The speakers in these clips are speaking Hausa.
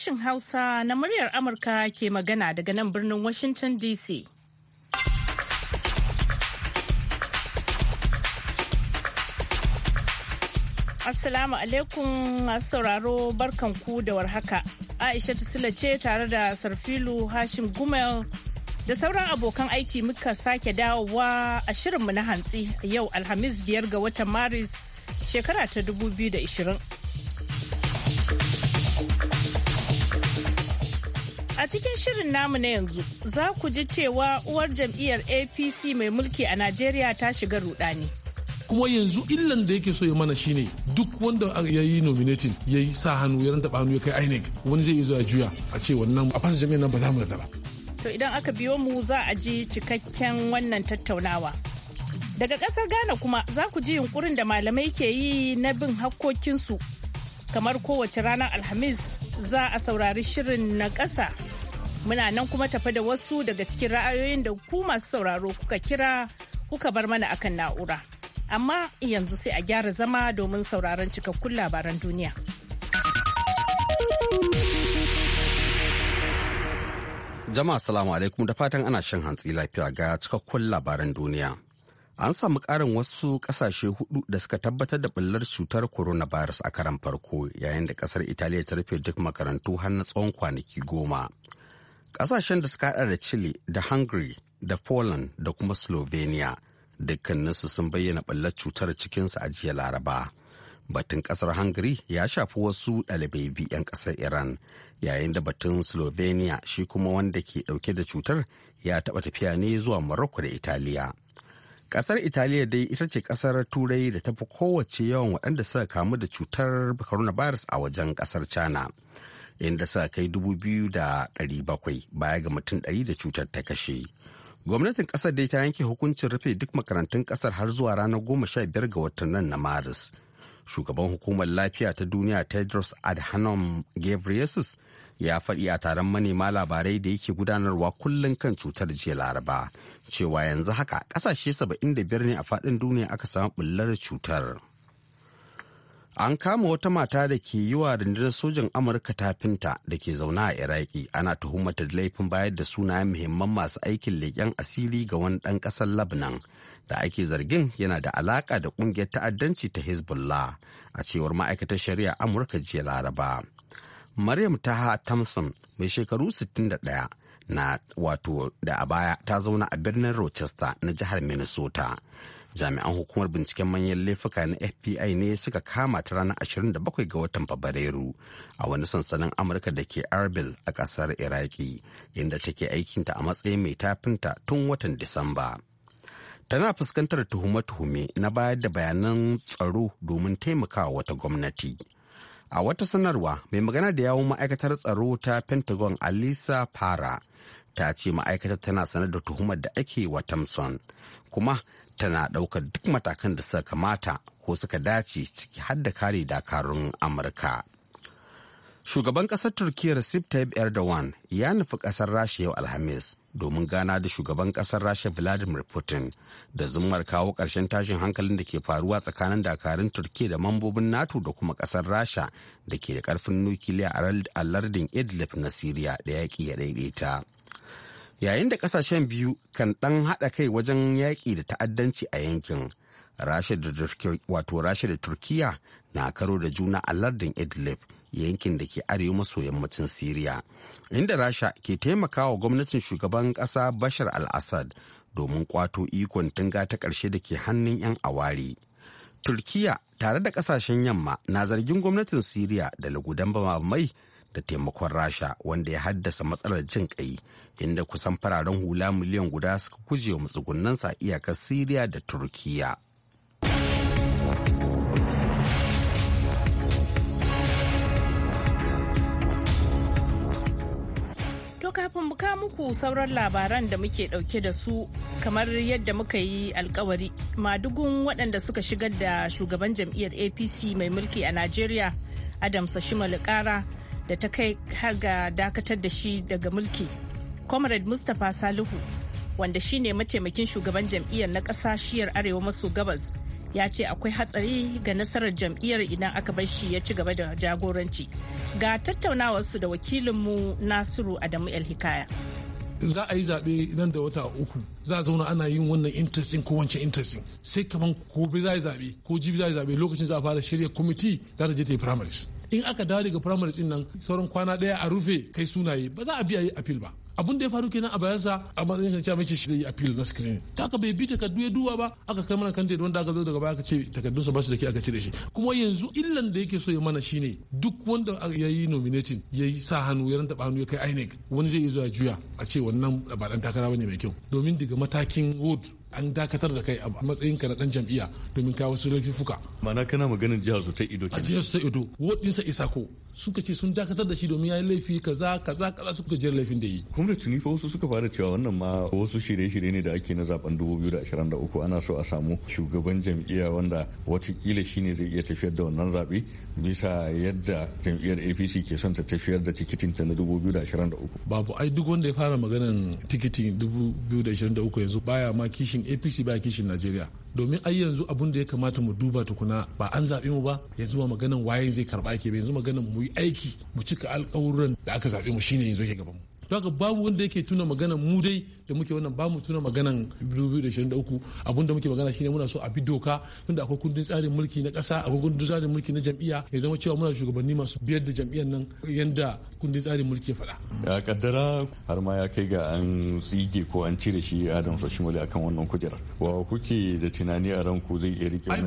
sashen Hausa na muryar Amurka ke magana daga nan birnin Washington DC. Assalamu alaikum masu sauraro barkanku da warhaka. Aisha ta Sula ce tare da Sarfilu Hashim Gumel da sauran abokan aiki muka sake dawowa a shirinmu na hantsi yau Alhamis biyar ga watan Maris shekara ta 2020. A cikin shirin namu na yanzu za ku ji cewa uwar jam'iyyar APC mai mulki a Najeriya ta shiga rudani. kuma yanzu illan da yake so ya mana shine duk wanda ya yi nominating ya yi sa hannu ya ranta hannu ya kai INEC wani zai zo ya juya a ce wannan a fasa jami'an nan ba za mu yarda ba. To idan aka biyo mu za a ji cikakken wannan tattaunawa. Daga ƙasar Ghana kuma za ku ji yunkurin da malamai ke yi na bin hakkokinsu kamar kowace ranar Alhamis za a saurari shirin na ƙasa Muna nan kuma tafi da wasu daga cikin ra'ayoyin da ku masu sauraro kuka kira kuka bar mana akan na'ura. Amma yanzu sai a gyara zama domin sauraron cikakkun labaran duniya. Jama'a salamu alaikum da fatan ana shan hantsi lafiya ga cikakkun labaran duniya. An samu karin wasu kasashe hudu da suka tabbatar da bullar cutar coronavirus a karan farko yayin da kasar Italiya ta rufe duk makarantu har na tsawon kwanaki goma. Ƙasashen da suka haɗa da Chile da Hungary da Poland da kuma Slovenia dukkaninsu sun bayyana ɓallar cutar cikinsu a jiya Laraba. Batun ƙasar Hungary ya shafi wasu ɗalibai biyu 'yan ƙasar Iran yayin da batun Slovenia shi kuma wanda ke ɗauke da cutar ya taɓa tafiya ne zuwa Morocco da Italiya. Ƙasar Italiya dai ita ce ƙasar Turai da tafi kowace yawan waɗanda suka kamu da cutar coronavirus a wajen ƙasar China. inda sa kai dubu biyu da bakwai baya ga mutum 100 da cutar ta kashe. Gwamnatin kasar dai ta yanke hukuncin rufe duk makarantun kasar har zuwa ranar goma sha 15 ga watan nan na Maris. Shugaban hukumar lafiya ta duniya Tedros Adhanom Ghebreyesus ya faɗi a taron manema labarai da yake gudanarwa kullum kan cutar jiya laraba cewa yanzu haka ƙasashe biyar ne a faɗin duniya aka samu ɓullar cutar. an kama wata mata da ke yi wa rundunar sojan amurka tafinta da ke zauna a iraki ana tuhumata da laifin bayar da sunayen muhimman masu aikin leƙen asiri ga wani ɗan ƙasar labnan da ake zargin yana da alaƙa da ƙungiyar ta'addanci ta hezbollah a cewar ma'aikatar shari'a amurka jiya laraba maryam taha thompson mai shekaru 61 na wato da a baya ta zauna a birnin rochester na jihar minnesota jami'an hukumar binciken manyan laifuka na fbi ne suka kama ta ranar 27 ga watan fabrairu a wani sansanin amurka da ke arbil a kasar iraki inda take aikinta a matsayin mai tafinta tun watan disamba tana fuskantar tuhume-tuhume na bayar da bayanan tsaro domin taimakawa wata gwamnati a wata sanarwa mai magana da yawon ma'aikatar tsaro ta pentagon alisa para ta ce ma'aikatar tana sanar da tuhumar da ake wa thompson kuma tana ɗaukar duk matakan da suka kamata ko suka dace ciki har da kare dakarun amurka shugaban ƙasar turkiyya recep tayyip erdogan ya nufi ƙasar rasha yau alhamis domin gana da shugaban ƙasar rasha vladimir putin da zumar kawo ƙarshen tashin hankalin da ke faruwa tsakanin dakarun turkiyya da mambobin nato da kuma ƙasar rasha da ke da karfin nukiliya a lardin idlib na siriya da yaƙi ya daidaita yayin da kasashen biyu kan ɗan haɗa kai wajen yaƙi da ta'addanci a yankin rasha da turkiya na karo da juna a lardin idlib yankin da ke arewa maso yammacin siriya inda rasha ke taimakawa gwamnatin shugaban ƙasa bashar al-assad domin kwato ikon tunga ta ƙarshe da ke hannun 'yan awari turkiya tare da ƙasashen yamma na zargin gwamnatin siriya da lagudan mai da taimakon rasha wanda ya haddasa matsalar jin kai inda kusan fararen hula miliyan guda suka guje matsugunansa sa iyakar siriya da turkiya kafin mu buka muku sauran labaran da muke dauke da su kamar yadda muka yi alkawari madugun waɗanda suka shigar da shugaban jam'iyyar apc mai mulki a najeriya adam sashima kara da ta kai har ga dakatar da shi daga mulki comrade mustapha salihu wanda shi ne mataimakin shugaban jam'iyyar na ƙasashiyar arewa maso gabas ya ce akwai hatsari ga nasarar jam'iyyar idan aka bar shi ya ci gaba da jagoranci ga tattaunawarsu da wakilinmu nasiru adamu el hikaya za a yi zaɓe nan da wata uku za a zauna ana yin wannan interesting ko wancan interesting sai kaman bi za a zaɓe ko jibi za a zaɓe lokacin za a fara shirya kwamiti za ta je ta yi primaries in aka dawo daga firamare tsin nan sauran kwana daya a rufe kai sunaye ba za a biya yi apil ba abun da ya faru kenan a bayansa a matsayin kan cewa shi zai apil na screen ta ka bai bi takardu ya duba ba aka kai mana kanta wanda aka zo daga baya aka ce takardun sa ba su da ke aka cire shi kuma yanzu illan da yake so ya mana shine duk wanda ya yi nominating ya yi sa hannu ya ranta hannu ya kai INEC wani zai iya zuwa juya a ce wannan ba dan takara bane mai kyau domin daga matakin wood an dakatar da kai a matsayinka na dan jam'iyya domin kawo su laifuka. Mana kana maganin jihar su ta ido. A jihar su ta ido wadinsa isako suka ce sun dakatar da shi domin ya yi laifi kaza kaza kaza suka jiyar laifin da yi. Gwamnati ne fa wasu suka fara cewa wannan ma wasu shirye-shirye ne da ake na zaben 2023 ana so a samu shugaban jam'iyya wanda watakila shine zai iya tafiyar da wannan zaɓe bisa yadda jam'iyyar APC ke son ta tafiyar da tikitin ta na 2023. Babu ai duk wanda ya fara maganan tikitin 2023 yanzu baya ma kishin kishin apc ba kishin najeriya domin ai yanzu abun da ya kamata mu duba tukuna ba an zaɓe mu ba yanzu ba maganan waye zai karɓa ake ba yanzu maganan mu yi aiki mu cika alƙawuran da aka zaɓe mu shine yanzu ke gaban mu don haka babu wanda yake tuna magana mu dai da muke wannan ba mu tuna maganan 2023 abun da muke magana shine muna so a bi doka tunda akwai kundin tsarin mulki na kasa akwai kundin tsarin mulki na jam'iyya ya zama cewa muna shugabanni masu biyar da jam'iyyar nan yanda kundin tsarin mulki ya faɗa. ya kaddara har ma ya kai ga an tsige ko an cire shi adam fashimali akan wannan kujerar wa kuke da tunani a ranku zai iya rike ai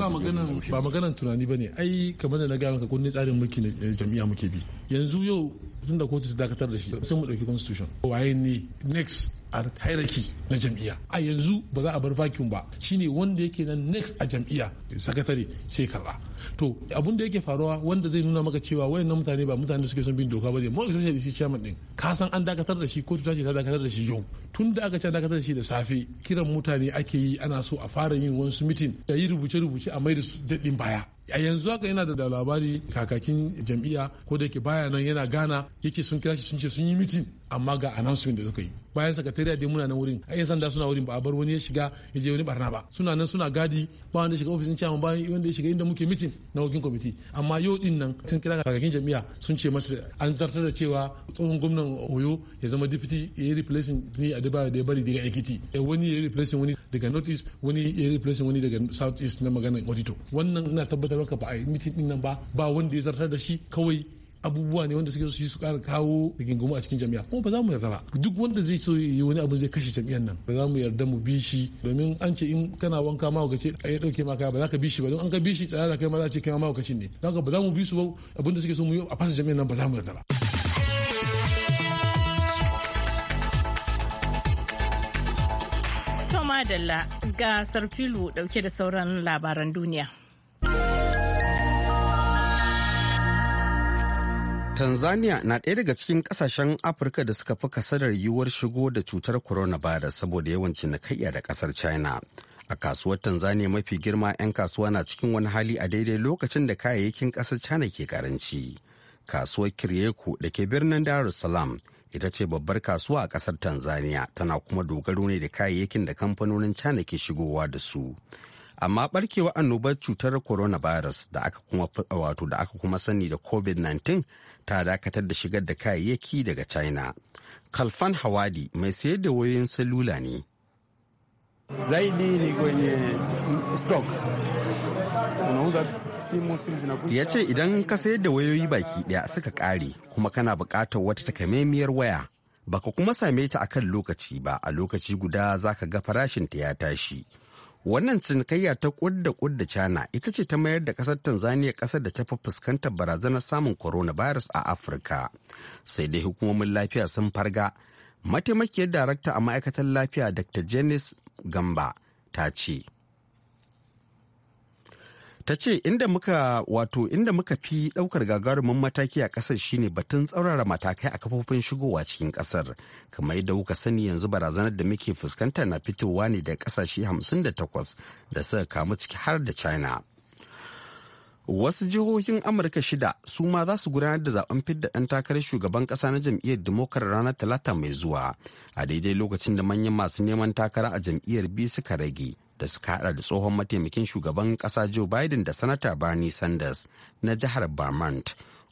ba maganan tunani bane ai kamar da na gaya maka kundin tsarin mulki na jam'iyya muke bi yanzu yau tun da kotu ta dakatar da shi sai mu dauki constitution waye ne next a hierarchy na jam'iyya a yanzu ba za a bar vacuum ba shine wanda yake na next a jam'iyya sakatare sai karba to abun da yake faruwa wanda zai nuna maka cewa nan mutane ba mutane suke son bin doka ba ne mu ga shi chairman din ka san an dakatar da shi ko ta ce ta dakatar da shi yau tun da aka ce dakatar da shi da safe kiran mutane ake yi ana so a fara yin wasu mitin da yi rubuce-rubuce a mai da daɗin baya a yanzu haka yana da labari kakakin jam'iyya ko da yake baya nan yana gana yace sun kira shi sun ce sun yi mitin amma ga announcement da suka yi bayan sakatariya da muna nan wurin a yan sanda suna wurin ba a bar wani ya shiga ya je wani barna ba suna nan suna gadi ba wanda shiga ofisin chairman ba wanda ya shiga inda muke mitin na wakin kwamiti amma yau din nan sun kira kakakin jami'a sun ce masa an zartar da cewa tsohon gwamnan oyo ya zama deputy ya yi replacing ni a da ya bari daga ekiti eh, wani ya yi replacing wani daga north east wani ya yi replacing wani daga south east na magana odito wannan ina tabbatar maka ba a yi mitin din nan ba ba wanda ya zartar da shi kawai abubuwa ne wanda suke su su kara kawo rigingimu a cikin jami'a kuma ba za mu yarda ba duk wanda zai so yi wani abu zai kashe jami'an nan ba za mu yarda mu bi shi domin an ce in kana wanka ma ka ce ya dauke ma kaya ba za ka bi shi ba don an ka bi shi tsara da kai ma za a ce kai ma ne don ba za mu bi su ba abinda suke so mu yi a fasa jami'an nan ba za mu yarda ba. Toma Dalla ga Sarfilu dauke da sauran labaran duniya. Tanzania na ɗaya daga cikin ƙasashen Afirka da suka fi kasadar yiwuwar shigo da cutar Corona coronavirus saboda yawanci na kaiya da ƙasar China. A kasuwar Tanzania mafi girma 'yan kasuwa na cikin wani hali a daidai lokacin da kayayyakin ƙasar China ke karanci. Kasuwar Kiryeko da ke birnin Dar es Salaam ita ce babbar kasuwa a ƙasar Tanzania tana kuma dogaro ne da kayayyakin da kamfanonin China ke shigowa da su. amma barkewa annobar cutar coronavirus da aka kuma wato da aka kuma sani da covid-19 ta dakatar da shigar da kayayyaki daga china kalfan hawadi mai sayar da wayoyin salula ne ya ce idan ka sayar da wayoyi baki daya suka kare kuma kana bukatar wata takamaimiyar waya baka kuma same ta akan lokaci ba a lokaci guda zaka ga farashinta ya tashi Wannan cinikayya ta kudda kudda China ita ce ta mayar da kasar Tanzania kasar da ta fi fuskantar barazanar samun coronavirus a Afirka. Sai dai hukumomin lafiya sun farga. Mataimakiyar darakta a ma'aikatar lafiya Dr. Janice Gamba ta ce ta ce inda muka wato inda muka fi daukar gagarumin mataki a kasar shine batun tsaurara matakai a kafofin shigowa cikin kasar kamar yadda kuka sani yanzu barazanar da muke fuskanta na fitowa ne da kasashe 58 da suka kamu ciki har da china wasu jihohin amurka shida su ma za su gudanar da zaben fidda ɗan takarar shugaban ƙasa na jam'iyyar demokar ranar talata mai zuwa a daidai lokacin da manyan masu neman takara a jam'iyyar biyu suka rage da suka hada da tsohon mataimakin shugaban kasa Joe Biden da Sanata Bernie Sanders na jihar Vermont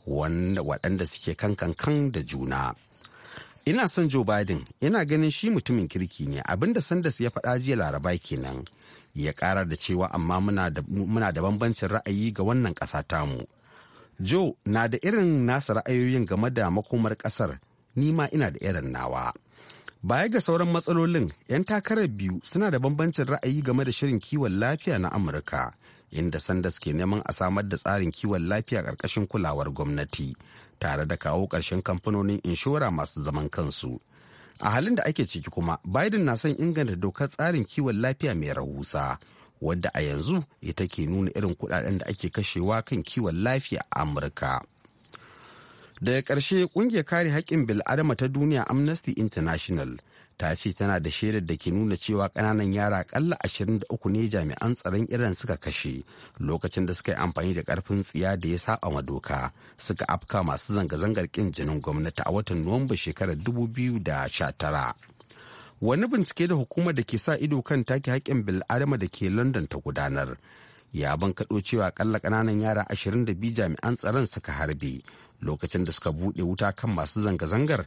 waɗanda suke kankan da juna. Ina son Joe Biden ina ganin shi mutumin kirki ne abinda Sanders ya faɗa jiya laraba kenan. Ya ƙara da cewa amma muna da bambancin ra'ayi ga wannan ƙasa tamu. Joe na da irin nasa ra'ayoyin game da makomar ƙasar, ni ma ina da irin nawa. Baya ga sauran matsalolin, 'yan takarar biyu suna da bambancin ra'ayi game da shirin kiwon lafiya na Amurka, inda Sanders ke neman a samar da tsarin kiwon lafiya ƙarƙashin kulawar gwamnati, tare da kawo ƙarshen kamfanonin inshora masu zaman kansu. A halin da ake ciki kuma, Biden na son inganta dokar tsarin kiwon lafiya mai rahusa, wadda a yanzu ita ke nuna irin kuɗaɗen da ake kashewa kan kiwon lafiya a Amurka. daga ƙarshe ƙungiyar kare haƙƙin bil'adama ta duniya amnesty international ta ce tana da shaidar da ke nuna cewa ƙananan yara ƙalla 23 ne jami'an tsaron iran suka kashe lokacin da suka yi amfani da ƙarfin tsiya da ya saba ma doka suka afka masu zanga-zangar ƙin jinin gwamnati a watan nuwamba shekarar 2019 wani bincike da hukumar da ke sa ido kan take haƙƙin bil'adama da ke london ta gudanar ya bankaɗo cewa ƙalla ƙananan yara 22 jami'an tsaron suka harbe lokacin da suka buɗe wuta kan masu zanga-zangar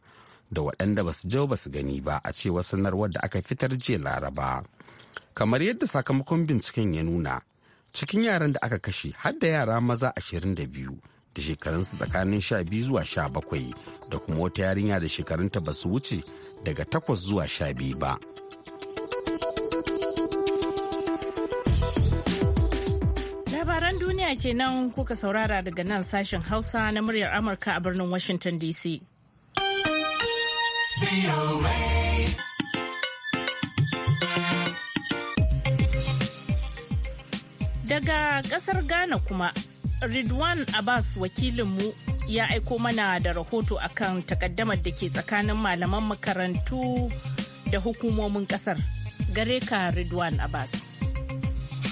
da waɗanda ba su jau ba su gani ba a cewa sanarwar da aka fitar jiya laraba kamar yadda sakamakon binciken ya nuna cikin yaran da aka kashe har da yara maza ashirin da biyu da shekarunsu tsakanin sha biyu zuwa sha bakwai da kuma wata yarinya da shekarunta ba su wuce daga takwas zuwa 12 ba kenan kuka saurara daga nan sashen Hausa na muryar Amurka a birnin Washington DC. Daga kasar Ghana kuma, Ridwan Abbas wakilinmu ya aiko mana da rahoto akan takaddamar da ke tsakanin malaman makarantu da hukumomin kasar. Gare ka Ridwan Abbas.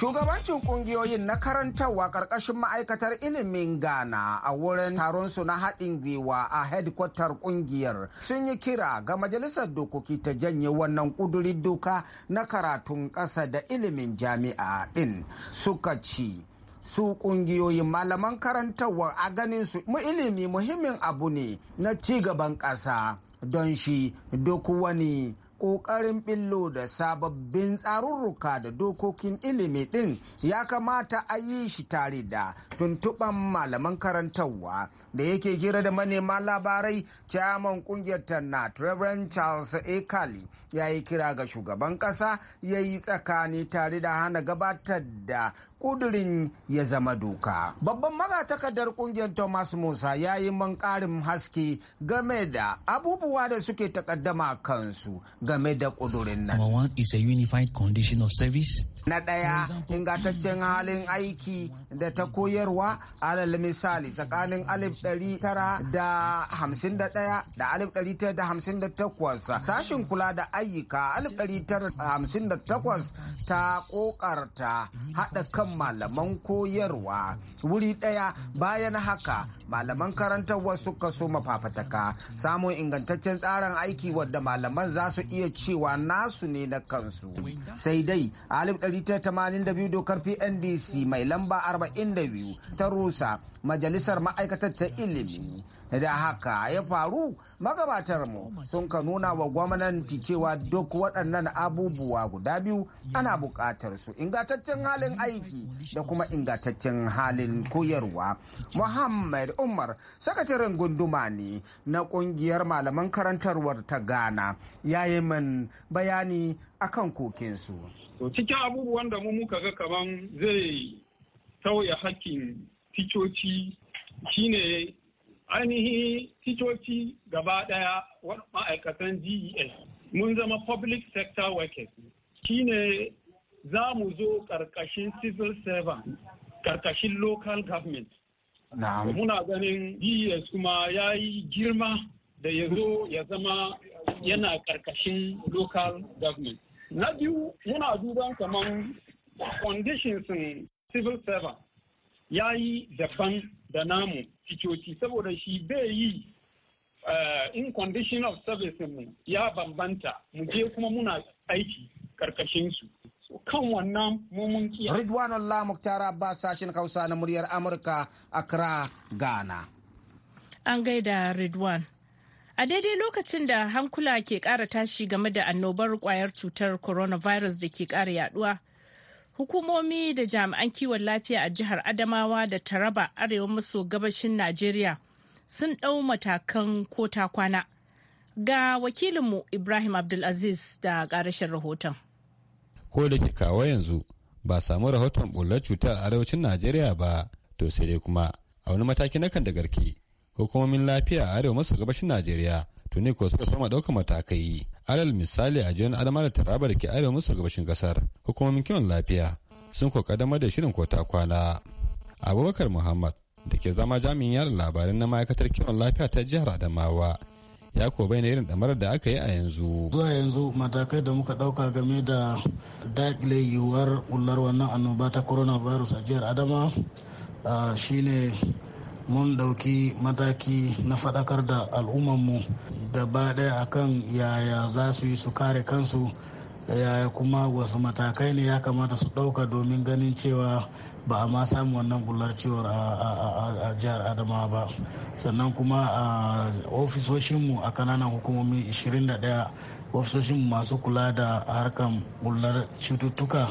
Shugabancin kungiyoyin na karantarwa ƙarƙashin ma'aikatar ilimin Ghana a wurin taron su na haɗin gwiwa a hedkwatar kungiyar sun yi kira ga majalisar dokoki ta janye wannan ƙudurin doka na karatun ƙasa da ilimin jami'a ɗin suka ci. su kungiyoyin malaman karantarwa a ganin su mu ilimi muhimmin abu ne na ci gaban ƙasa don shi duk wani ƙoƙarin billo da sababbin tsarurruka da dokokin ilimi ɗin ya kamata a yi shi tare da tuntuɓan malaman karantarwa da yake hira da manema labarai Chairman kungiyar na Reverend Charles Ekali ya yi kira ga shugaban kasa ya yi tsakani tare da hana gabatar da kudurin ya zama doka. Babban magatakardar kungiyar Thomas Musa ya yi man haske game da abubuwa da suke takaddama kansu game da kudurin nan. Number one is a unified condition of service. Na ɗaya ingantaccen halin aiki da ta koyarwa alal misali tsakanin alif ɗari tara da hamsin da ɗaya da alif ɗari tara da hamsin da takwas sashin kula da ayyuka alif ɗari tara da hamsin da takwas ta ƙoƙarta haɗa kan malaman koyarwa wuri ɗaya bayan haka malaman karantarwa suka so mafafataka samun ingantaccen tsarin aiki wadda malaman za su iya cewa nasu ne na kansu sai dai alif da biyu dokar pndc mai lamba arba'in da biyu ta rusa majalisar ma'aikatar ta ilimi da haka ya faru magabatarmu sun ka nuna wa gwamnati cewa duk waɗannan abubuwa guda biyu ana buƙatar su ingataccen halin aiki da kuma ingataccen halin koyarwa muhammad umar sakataren gunduma ne na ƙungiyar malaman karantarwar ta ghana ya yi min bayani akan kokinsu cikin abubuwan da mu muka ga kaman zai sauya hakkin ticoci shine ainihi ticoci gaba daya ma'aikatan ges mun zama public sector workers shine za mu zo karkashin civil servant karkashin local government muna ganin ges kuma ya yi girma da ya zo ya zama yana karkashin local government na biyu muna duban kamar conditions civil servant ya yi daban da namu ticoci saboda shi bai yi eh, in condition of service mu ya bambanta mu je kuma muna aiki karkashin su kan wannan mumun kiya Ridwan Allah Muktar Abbas sashin Hausa na muryar Amurka a Accra Ghana An gaida Ridwan A daidai lokacin da hankula ke ƙara tashi game da annobar ƙwayar cutar coronavirus da ke ƙara yaduwa Hukumomi da jami'an kiwon lafiya a jihar Adamawa da Taraba arewa maso gabashin Najeriya sun ɗau matakan ko kwana. Ga wakilinmu Ibrahim Abdulaziz da ƙarashin rahoton. Ko da ke kawo yanzu ba samu rahoton bullar cuta a arewacin Najeriya ba, to sai dai kuma a wani mataki na kan da garki. Hukumomin lafiya a arewa maso gabashin Najeriya tuni ko suka sama ɗaukar matakai alal misali a jiyan adama da taraba da ke arewa musu gabashin kasar hukumomin kiwon lafiya sun ko kadama da shirin kota kwana abubakar muhammad da ke zama jami'in yaran labarin na ma'aikatar kiwon lafiya ta jihar adamawa ya ko na irin damarar da aka yi a yanzu. Zuwa yanzu matakai da muka dauka game da dakile yiwuwar wannan annoba ta coronavirus a jihar Adama ah, shine mun ɗauki mataki na faɗakar da al'ummanmu gaba ɗaya akan yaya za su yi su kare kansu yaya kuma wasu matakai ne ya kamata su ɗauka domin ganin cewa ba a ma samu wannan bular cewar a jihar adamawa ba sannan kuma a ofisoshinmu a kananan hukumomi 21 ofisoshinmu masu kula da harkar bular cututtuka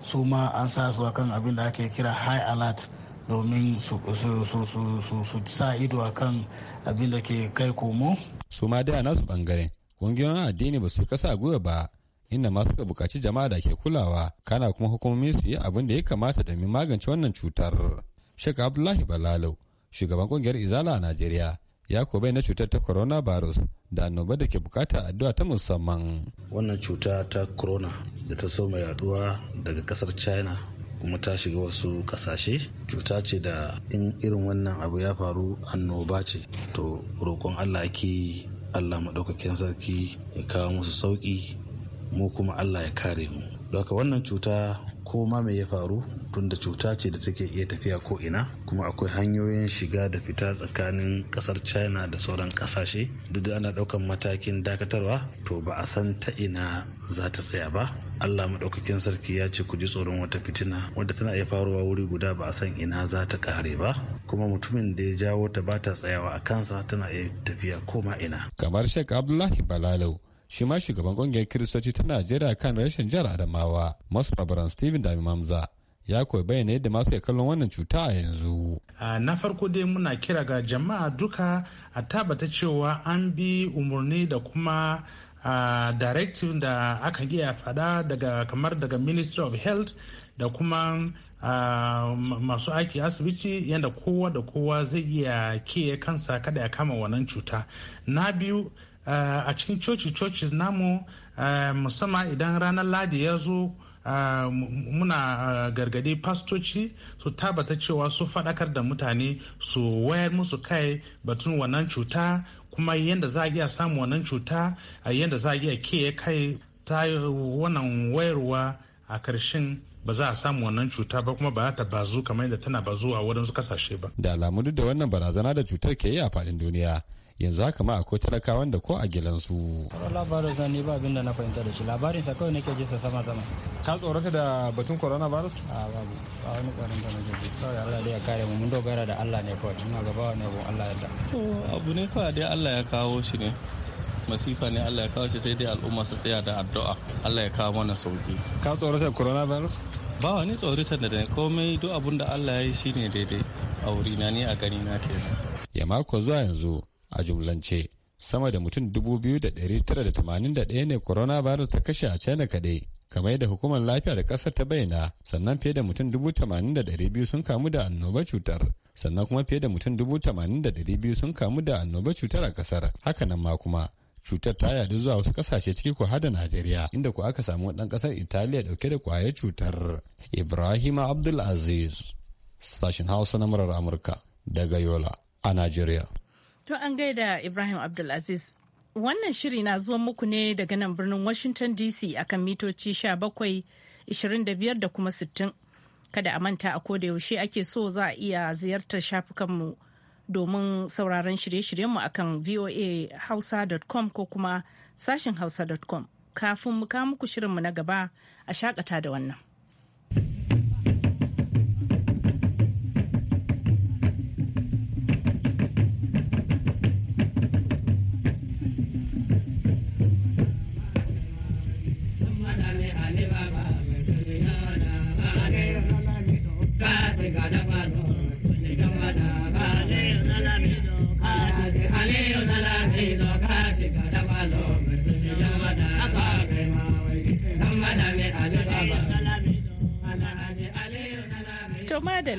su ma an sa su akan abin da ake kira high alert domin su sa ido a kan abin da ke kai komo. su ma a nasu bangaren ƙungiyoyin addini ba su kasa gwiwa ba inda ma suka buƙaci jama'a da ke kulawa kana kuma hukumomi su yi abin da ya kamata domin magance wannan cutar shek abdullahi balalo shugaban ƙungiyar izala a najeriya ya ko na cutar ta coronavirus da annoba da ke bukata addu'a ta musamman. Wannan cuta ta corona da ta soma yaduwa daga kasar China kuma ta shiga wasu kasashe cuta ce da in irin wannan abu ya faru annoba ce to roƙon allah ake allah maɗaukakin sarki ya kawo musu sauƙi mu kuma allah ya kare mu Daga wannan cuta ko ma mai ya faru tunda cuta ce da take iya tafiya ko ina kuma akwai hanyoyin shiga da fita tsakanin kasar China da sauran kasashe duk da ana daukan matakin dakatarwa to ba a san ta ina za ta tsaya ba. Allah maɗaukakin sarki ya ce ku ji tsoron wata fitina wadda tana iya faruwa wuri guda ba a san ina za ta kare ba kuma mutumin da ya jawo ta ba ta tsayawa a kansa tana iya tafiya ko ma ina. Kamar shek Abdullahi Balalau shi ma shugaban kungiyar kiristoci ta najeriya kan rashin jihar adamawa masu babaran steven dami mamza ya koyi bayyana yadda masu kallon wannan cuta a yanzu. na farko dai muna kira ga jama'a duka a tabbata cewa an bi umarni da kuma uh, directive da aka iya fada daga kamar daga ministry of health da kuma uh, masu aiki asibiti yadda kowa da kowa zai iya kiyaye kansa kada ya kama wannan cuta na biyu Eh, a cikin coci coci namu eh, musamman idan ranar ladi ya zo Uh, muna uh, gargadi fastoci su tabbata cewa su faɗakar da mutane su wayar musu kai batun wannan cuta kuma yadda za a iya samun wannan cuta a yadda za a iya kiyaye kai ta wannan wayarwa a ƙarshen ba za a samu wannan cuta ba kuma ba ta bazu kamar yadda tana bazu a wurin kasashe ba. Da alamu duk da wannan barazana da cutar ke yi a faɗin duniya yanzu haka ma akwai talakawan da ko a gidansu. labarin sa ni ba abin da na fahimta da shi labarin sa kawai nake jisa sama sama. ka tsorata da batun coronavirus? a babu ba wani tsarin da nake ji kawai Allah dai ya kare mu mun dogara da Allah ne kawai muna gaba ne gun Allah da. to abu ne kawai dai Allah ya kawo shi ne masifa ne Allah ya kawo shi sai dai al'umma su tsaya da addu'a Allah ya kawo mana sauki. ka tsorata da coronavirus? ba wani tsorata da ne komai duk abun da Allah ya yi shine daidai a wurina ne a gani na kenan. ya mako zuwa yanzu a jumlance sama da mutum 2,981 ne coronavirus ta kashe a china kaɗai kamar da hukumar lafiya da ƙasar ta bayyana sannan fiye da mutum 80,200 sun kamu da annobar cutar sannan kuma fiye da mutum 80,200 sun kamu da annobar cutar a ƙasar hakanan ma kuma cutar ta yadu zuwa wasu kasashe ciki ko hada Najeriya inda ku aka samu dan ƙasar Italiya ɗauke da kwayar cutar. Ibrahima AbdulAziz – sashen Hausa na murar Amurka daga Yola a Najeriya. To an gaida Ibrahim Abdulaziz. Wannan shiri na zuwa muku ne daga nan birnin Washington DC akan mitoci 17, 25 da kuma 60. Kada a manta a koda yaushe ake so za a iya ziyartar shafukanmu domin sauraron shirye-shiryenmu akan voahausa.com ko kuma sashin hausa.com. Kafin mu kawo muku shirinmu na gaba a shakata da wannan.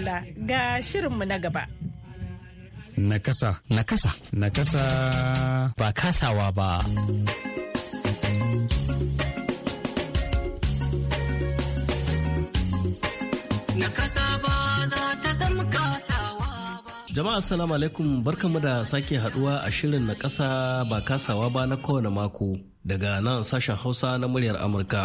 Allah ga shirinmu na gaba. Nakasa. Nakasa. Nakasa. Ba kasawa ba. Jama'a salamu alaikum barkanmu da sake haduwa a shirin na kasa ba kasawa ba na kowane mako daga nan sashen Hausa na muryar Amurka.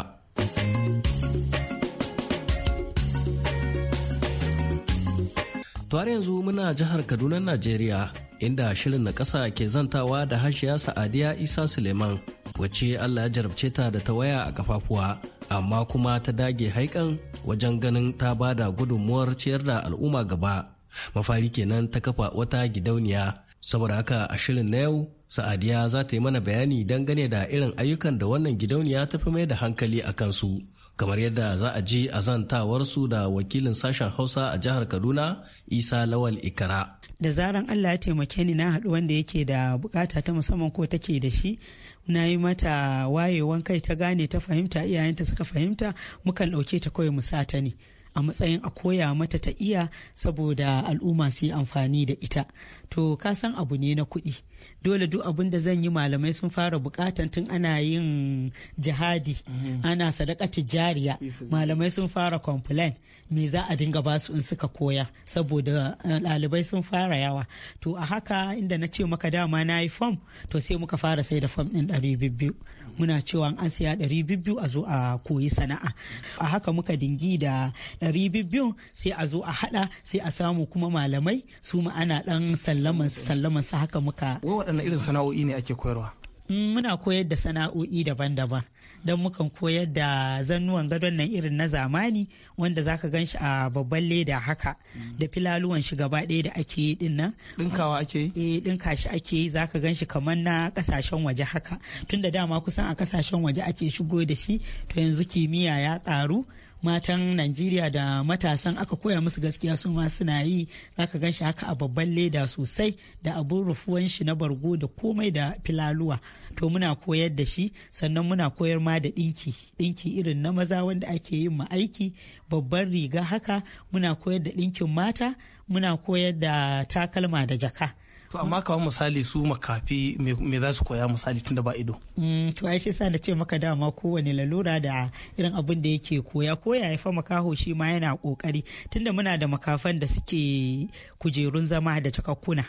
har yanzu muna jihar Kaduna, Najeriya, inda shirin na ƙasa ke zantawa da hashiya Sa'adiya Isa Suleiman, wacce Allah ya jarabce ta da ta waya a kafafuwa, amma kuma ta dage haikan wajen ganin ta ba da gudunmuwar ciyar da al'umma gaba. Mafari kenan ta kafa wata gidauniya, saboda haka a shirin na yau Sa'adiya za ta yi mana bayani dangane da irin ayyukan da wannan gidauniya ta fi mai da hankali a kansu. kamar yadda za a ji a zantawarsu da wakilin sashen hausa a jihar kaduna isa lawal ikara da zaran allah ya taimake ni na haɗu wanda yake da bukata ta musamman ko take da shi na yi mata wayewan kai ta gane ta fahimta iyayenta suka fahimta mukan ɗauke ta kawai mu sata ne a matsayin a koya mata ta iya saboda al'umma su yi amfani da ita to ka san abu ne na kuɗi dole duk abin da zan yi malamai sun fara bukatan tun ana yin jihadi mhm. ana sadaka tijariya malamai sun fara complain me za a dinga basu in suka koya saboda eh, ɗalibai sun fara yawa to a haka inda na ce maka dama na yi fom to sai muka fara sai da fom ɗin ɗari biyu muna cewa an siya ɗari biyu a zo a koyi sana'a a haka muka dingi da ɗari biyu sai a zo a haɗa sai a samu kuma malamai su ma ana ɗan sallaman sallaman su haka muka wai waɗanne irin sana'o'i ne ake koyarwa mm, muna koyar da sana'o'i daban-daban don mukan koyar da zannuwan gadon nan irin na zamani wanda zaka gan shi a babban leda haka da filaluwan shi gaba ɗaya da ake yi din nan dinkawa ake yi eh ɗinka shi ake yi zaka gan shi kamar na ƙasashen waje haka tunda dama kusan a kasashen waje ake shigo da shi to yanzu kimiyya ya ƙaru matan Najeriya da matasan aka koya musu gaskiya su ma suna yi zaka gan shi haka a babban leda sosai da abin rufuwan shi na bargo da komai da filaluwa to muna koyar da shi sannan muna koyar ma da dinki dinki irin na maza wanda ake yin ma aiki babban riga haka muna koyar da dinkin mata muna koyar da takalma da jaka to amma kawai misali su makafi me za su koya misali tunda ba ido mm, to ai shi da ce maka dama kowane lalura da irin abin da yake koya ko ya fa makaho shi ma yana kokari tunda muna da makafan da suke kujerun zama da cakakkuna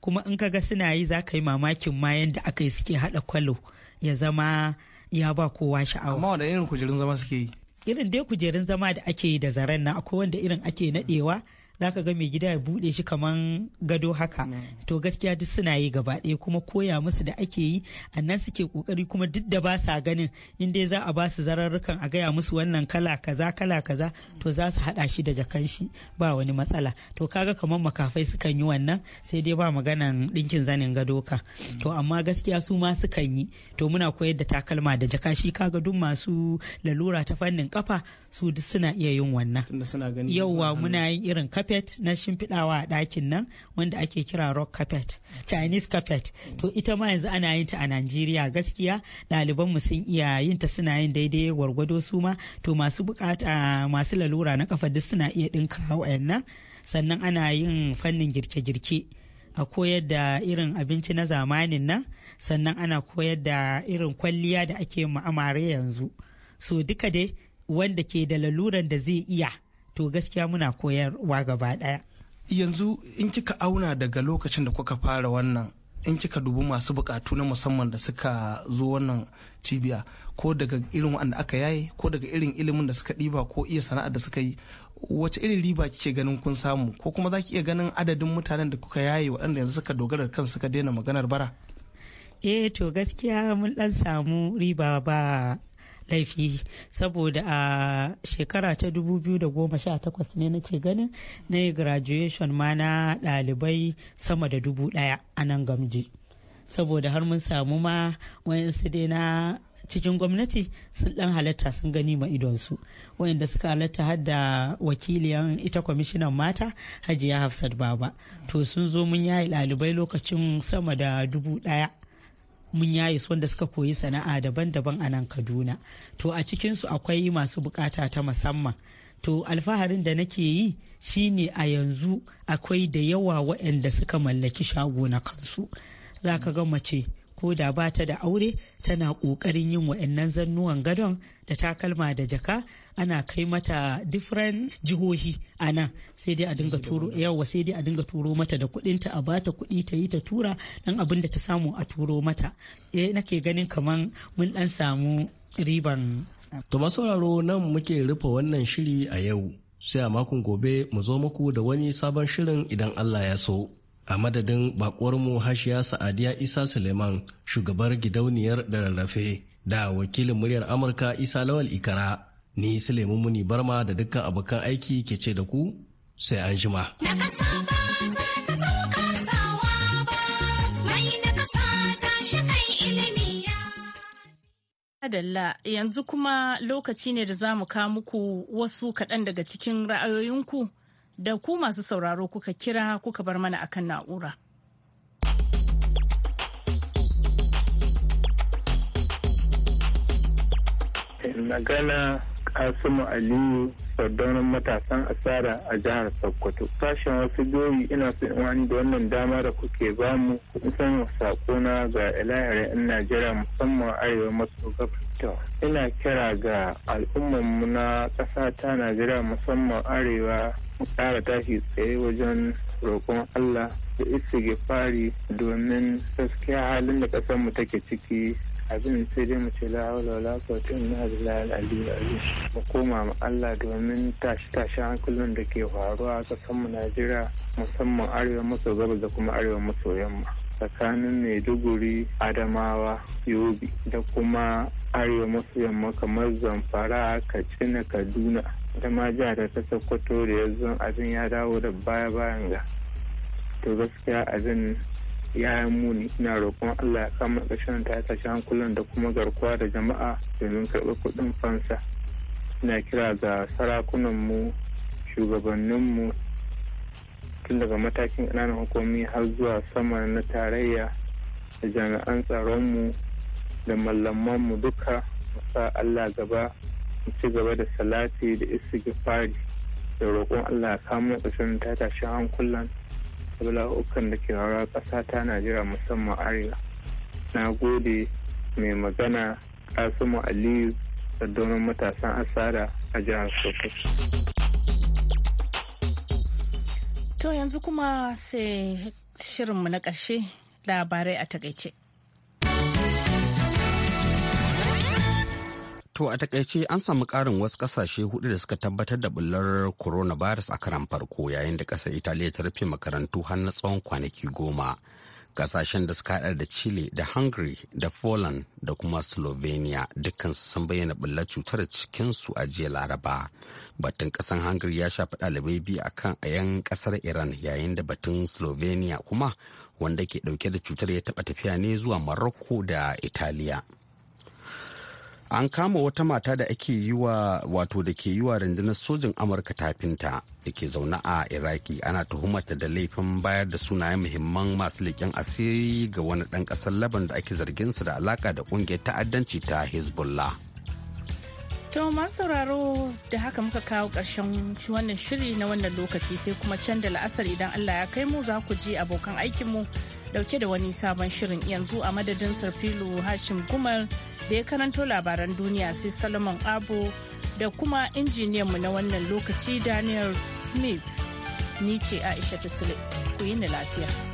kuma in ka ga suna yi za ka yi mamakin ma yadda aka yi suke haɗa kwalo ya zama ya ba kowa sha'awa. Amma wanda irin kujerun zama suke yi? Irin dai kujerun zama da ake yi da zaren nan akwai wanda irin ake naɗewa. za ka ga mai gida ya buɗe shi kaman gado haka mm. to gaskiya duk suna yi gaba ɗaya kuma koya musu da ake yi annan suke kokari kuma duk da ba sa ganin in dai za a ba su zararrukan a gaya musu wannan kala kaza kala kaza to za su haɗa shi da jakan shi ba wani matsala to kaga kaman makafai sukan yi wannan sai dai ba maganan dinkin zanin gado ka to amma gaskiya su ma sukan yi to muna koyar da takalma da jaka shi kaga duk masu lalura ta fannin kafa su duk suna iya yin wannan yauwa muna yin irin carpet na shimfiɗawa a ɗakin nan wanda ake kira rock carpet chinese carpet to ita ma yanzu ana yin ta a najeriya gaskiya ɗaliban mu sun iya yin ta suna yin daidai gwargwado su ma to masu bukata masu lalura na kafa duk suna iya ɗinka nan sannan ana yin fannin girke-girke a koyar da irin abinci na zamanin nan sannan ana koyar da irin kwalliya da ake ma'amare yanzu so duka dai wanda ke da laluran da zai iya to gaskiya muna koyarwa gaba daya yanzu in kika auna daga lokacin da kuka fara wannan in kika dubi masu bukatu na musamman da suka zo wannan cibiya ko daga irin wanda aka yaye ko daga irin ilimin da suka ɗiba ko iya sana'ar da suka yi wace irin riba kike ganin kun samu ko kuma za ki iya ganin adadin mutanen da kuka yaye waɗanda yanzu suka dogara kan suka daina maganar bara eh to gaskiya mun dan samu riba ba laifi saboda a shekara ta 2018 ne nake ganin na yi graduation ma na dalibai sama da dubu ɗaya a nan gamji saboda har mun samu ma wayansu dai na cikin gwamnati sun dan halatta sun gani ma idonsu wayanda suka halatta har da wakiliyan ita kwamishinan mata hajiya hafsat baba to sun zo mun yayi dalibai lokacin sama da dubu ɗaya mun yayi su wanda suka koyi sana'a daban-daban a nan kaduna to a cikinsu akwai masu bukata ta musamman to alfaharin da nake yi shine a yanzu akwai da yawa waɗanda suka mallaki shago na kansu za ka ga mace ko da ba ta da aure tana ƙoƙarin yin waɗannan zannuwan gadon da takalma da jaka ana kai mata different jihohi a nan sai dai a dinga turo yawa sai dai a dinga turo mata da kuɗin ta a bata kuɗi ta yi ta tura dan abin da ta samu a turo mata eh nake ganin kaman mun dan samu riban to ba sauraro nan muke rufe wannan shiri a yau sai a makon gobe mu zo muku da wani sabon shirin idan Allah ya so a madadin mu hashiya sa'adiya isa suleiman shugabar gidauniyar da rarrafe da wakilin muryar amurka isa lawal ikara Ni Suleiman Muni Barma da dukkan abokan aiki ke ce da ku sai an jima. Adalla yanzu kuma lokaci ne da za mu kawo muku wasu kaɗan daga cikin ra'ayoyinku da ku masu sauraro kuka kira kuka bar mana akan na'ura. Magana kasimu aliyu sardaunin matasan asara a jihar sokoto sashen wasu joyi ina su wani da wannan dama da kuke ba mu. bamu san sakona ga ilayarin yan najeriya musamman arewa maso gabas ina kira ga mu na ƙasa ta najeriya musamman arewa mu ƙara tashi tsaye wajen roƙon allah da isige fari domin gaskiya halin da ƙasar mu take ciki abin sai dai mu ce la haula wala quwwata illa billahi a mu koma ma Allah domin domin tashi-tashi hankulan da ke faruwa a ƙasarmu najeriya musamman arewa maso gabas da kuma arewa maso yamma tsakanin maiduguri adamawa yobi da kuma arewa maso yamma kamar zamfara kacina kaduna da ma da ta sokoto da yanzu abin ya dawo da baya bayan ga to gaskiya abin ya yi muni na roƙon allah ya kama ƙashin ta tashi hankulan da kuma garkuwa da jama'a domin karɓi kuɗin fansa ina kira ga sarakunanmu shugabanninmu tun daga matakin ƙananan hukumi har zuwa sama na tarayya da jami'an tsaronmu da mallamanmu duka sa Allah gaba mu ci gaba da salati da istighfari da roƙon Allah ya kamo ƙasar ta tashi hankulan da bala'ukan da ke hawa ƙasa ta Najeriya musamman Arewa. Na gode mai magana Kasimu Aliyu sardaunan matasan asara a jihar sokoto to yanzu kuma sai shirinmu na ƙarshe labarai a takaice To a takaice an samu karin wasu kasashe hudu da suka tabbatar da bullar coronavirus a karan farko yayin da kasar Italiya ta rufe makarantu har na tsawon kwanaki goma kasashen da suka haɗar da chile da hungary da poland da kuma slovenia dukkansu sun bayyana bullar cutar cikinsu a jiya laraba batun ƙasar hungary ya shafi ɗalibai biyu a kan a yan ƙasar iran yayin da batun slovenia kuma wanda ke ɗauke da cutar ya taɓa tafiya ne zuwa morocco da italiya an kama wata mata da ake yi wa wato da ke yi wa rundunar sojin amurka tafinta da ke zaune a iraki ana tuhumarta da laifin bayar da sunayen muhimman masu leƙen asiri ga wani ɗan ƙasar laban da ake zargin su da alaƙa da ƙungiyar ta'addanci ta hezbollah to masu sauraro da haka muka kawo ƙarshen wannan shiri na wannan lokaci sai kuma can da la'asar idan allah ya kai mu za ku je abokan aikinmu mu dauke da wani sabon shirin yanzu a madadin sarfilu hashim gumal da ya karanto labaran duniya sai solomon abu da kuma injiniyan mu na wannan lokaci daniel smith ni ce aisha ta ku yi lafiya.